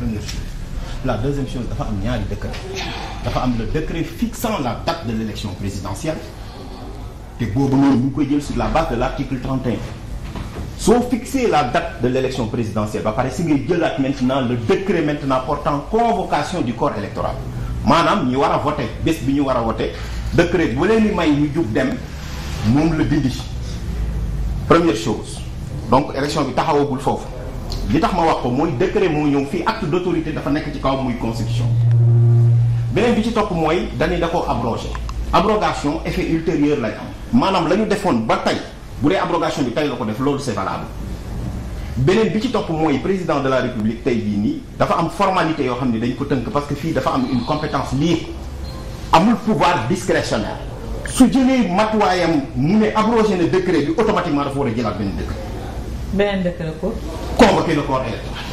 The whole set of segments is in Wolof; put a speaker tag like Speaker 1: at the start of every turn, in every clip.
Speaker 1: première chose la deuxième chose dafa am ñaari décret dafa am le décret fixant la date de l'élection présidentielle te boobu noonu ñu ngi koy jël sur la base de l'article 31 soo fixé la date de l'élection présidentielle ba pare si ngay jëlaat maintenant le décret maintenant portant convocation du corps électoral maanaam ñu war a voté bés bi ñu war a voté décret bu leen may ñu jug dem moom la dindi première chose donc élection bi taxawagul foofu li tax ma wax ko mooy décret moo ñëw fii acte d' dafa nekk ci kaw muy constitution beneen bi ci topp mooy dañuy da koo abrogé abrogation effet ultérieur lay am maanaam la ñu defoon ba tey bu dee abrogation bi tey la ko def loolu c' est beneen bi ci topp mooy président de la république tey bii nii dafa am formalité yoo xam ne dañ ko tënk parce que fii dafa am une compétence libre amul pouvoir discrétionnaire su jëlee matuwaayam mu ne abrogé na décret bi automatiquement dafa war a jëlaat benn décret beneen décret la cour. convoquer le corps électoral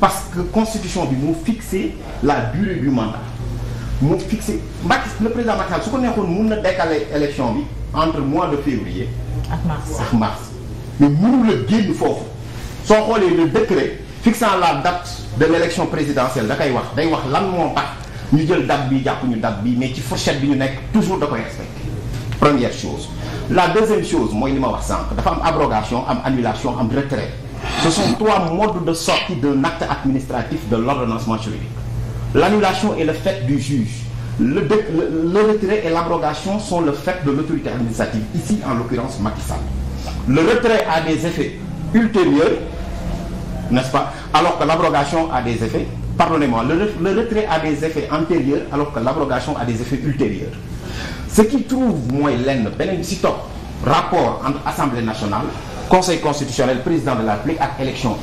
Speaker 1: parce que constitution bi mu fixé la durée du mandat moo fixé Macky le président Macky Sall su ko nekkoon mun na décaler élection bi entre mois de février. ak mars ak mars mais mënu la génn foofu soo xoolee le décret fixant la date de l' élection présidentielle da koy wax day wax lan moom tax ñu jël date bi jàpp ñu date bi mais ci fourchette bi ñu nekk toujours da koy respecté première chose. la deuxième chose mooy li ma wax sànq dafa am abrogation am annulation am retrait ce sont trois modes de sortie d'un acte administratif de l'ordonnancement juridique l'annulation est le fait du juge le dé le, le retrait et l'abrogation sont le fait de l'autorité administrative ici en l'occurrence Macky Sall le retrait a des effets ultérieurs n'est-ce pas alors que l'abrogation a des effets pardonnez le, le retrait a des effets antérieurs alors que l'abrogation a des effets ultérieurs ce qu'il trouve mooy lenn beneen bi si topp rapport entre assemblée nationale conseil constitutionnel président de la République ak élection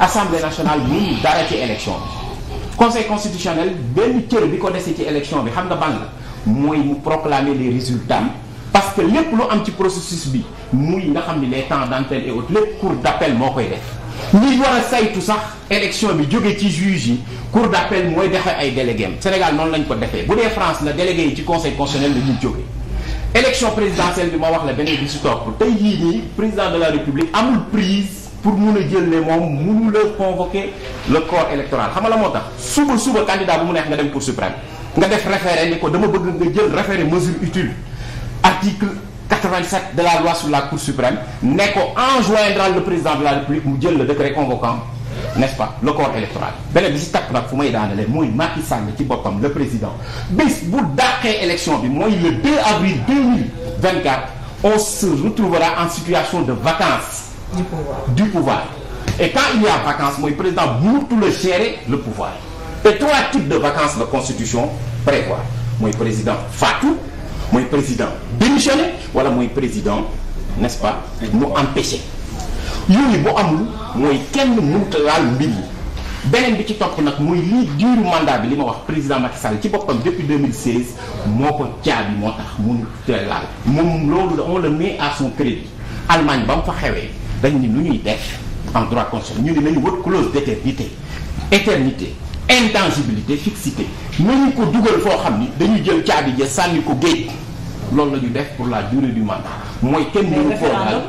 Speaker 1: assemblée nationale mënul dara ci élection bi conseil constitutionnel benn cër bi ko dese ci élection bi xam nga ban la mooy mu proclamer les résultats parce que lépp lu am ci processus bi muy nga xam ni les temps d'antenne et autres lépp cour d'appel moo koy def ñi war a saytu sax élection bi jóge ci juge yi cour d'appel mooy dexe ay délégué am Sénégal noonu lañ ko defee bu dee France na délégué yi ci conseil constitutionnel la ñuy jóge élection présidentielle bi ma wax la beneen bi si topp tey jii nii président de la république amul prise pour mun a jël ne moom munu la convoquer le corps électoral xam nga la moo tax suba suba candidat bu mu neex nga dem cour suprême nga def référé ni ko dama bëgg nga jël référé mesure utile article 87 de la la Cour suprême ne ko enjoindra le président de la République mu jël le décret convoquant nest mooy Macky ci boppam le président bis bu dàqee élection bi mooy le 2 avril 2024 on se retrouvera en situation de vacance du pouvoir du pouvoir et quand il y a vacance mooy président mënatul la gérer le pouvoir et trois types de vacances la constitution prévoit mooy président faatu mooy président démissionné wala mooy président n'est-ce pas mu empêché yooyu bu amul mooy kenn mënut a laal mbir yi beneen bi ci topp nag mooy lii diiru mandat bi li ma wax président Macky Sall ci boppam depuis 2016 moo ko caabi moo tax mënut a laal moom loolu on le met à son crédit Allemagne ba mu fa xewee dañ ni lu ñuy def en droit constitutionnel ñu ne nañu wër clause d'éternité éternité intangibilité fixité mënuñ ko dugal foo xam ni dañu jël caabi ja sànni ko géej loolu la ñu def pour la durée du mandat mooy kenn mënu koo laal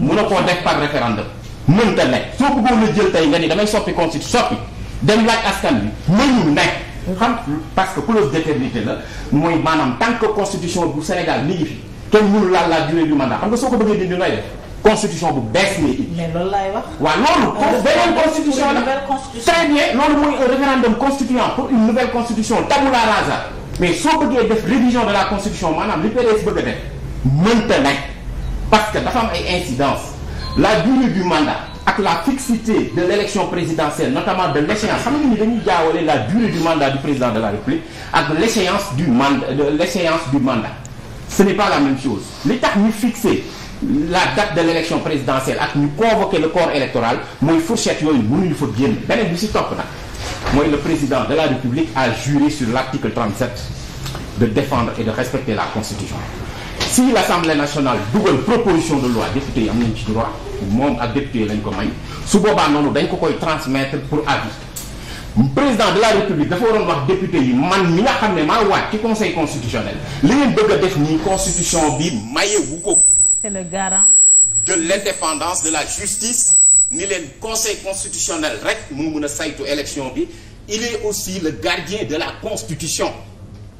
Speaker 1: mën a koo def par référendum mënta nekk soo bëggoon jël tey nga ni damay soppi constitution soppi dem laaj askan bi mënul nekk xam parce que clause d'éternité la mooy maanaam tant que constitution bu Sénégal mi ngi fi kenn mënu laal la durée du mandat xam nga soo ko bëggee dindi nooy def constitution bu bees lay indi. mais loolu laay wax. waaw loolu. pour euh, beneen constitution la très bien loolu mooy un référendum constituant pour une nouvelle constitution tabula rasa mais soo bëggee def révision de la constitution maanaam li PDS bëgg a def mënta nekk parce que dafa am ay incidences la durée du mandat ak la fixité de l' élection présidentielle notamment de l' échéance xam nga ni dañuy jaawale la durée du mandat du président de la République ak l' échéance du mandat de l' échéance du mandat ce n' pas la même chose li la date de l' élection présidentielle ak ñu convoquer le corps électoral mooy fourchette yooyu mënuñu fa génn beneen bi si topp nag mooy le président de la République a juré sur l' article de défendre et de respecter la constitution si l' assemblée nationale dugal proposition de loi député yi am nañ ci droit moom ak député yi ko may su boobaa noonu dañ ko koy transmettre pour avis président de la république dafa waroon wax député yi man mi nga xam ne maa bi c'est le garant de l'indépendance de la justice ni leen conseil constitutionnel rek mu mun a saytu élection bi il est aussi le gardien de la constitution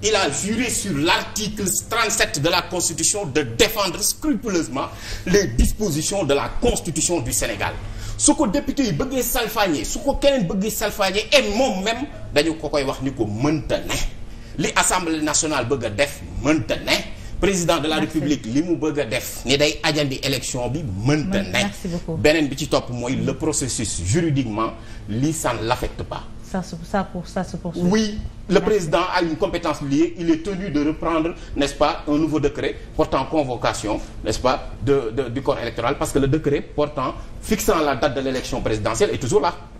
Speaker 1: il a juré sur l'article 37 de la constitution de défendre scrupuleusement les dispositions de la constitution du Sénégal su ko député yi bëggee salfaañee su ko keneen bëggee salfaañee et moom même dañu ko koy wax ni ko mënta ne li assemblée nationale bëgg a def mënta ne président de la république li mu bëgg def ni day ajandi élection bi mënta nekk beneen bi ci topp mooy le processus juridiquement li ça ne l'affecte pas ça se ça pour ça se oui le président a une compétence liée il est tenu de reprendre n'est-ce pas un nouveau décret portant convocation n'est-ce pas de, du corps électoral parce que le décret portant fixant la date de l'élection présidentielle est toujours là